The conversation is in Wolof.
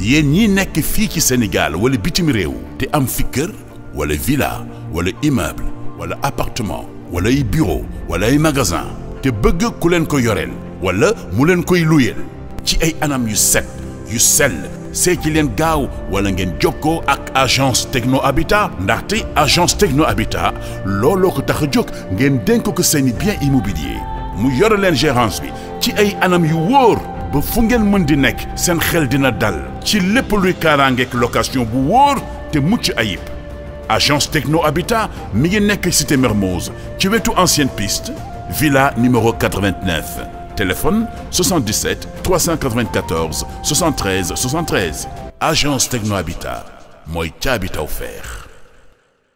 yéen ñii nekk fii ci Sénégal wala bitim réew te am fi kër wala villa wala immeuble wala appartement wala ay bureau wala ay magasin te bëgg ku leen ko yoreel wala mu leen koy luyeel ci ay anam yu set yu sell see ci leen gaaw wala ngeen jokkoo ak agence techno habitat ndaxte agence techno habitat looloo ko tax a jóg ngeen dénk ko seeni bien immobilier mu yore leen gérance bi ci ay anam yu wóor ba fu ngeen mën di nekk seen xel dina dal ci lépp luy kaaraangeek location bu wóor te mucc ayib agence techno habitat mi ngi nekk cité Mermoz ci wetu ancienne piste villa numéro 89 téléphone 77 394 73 73 agence techno habitat mooy ca habitat offert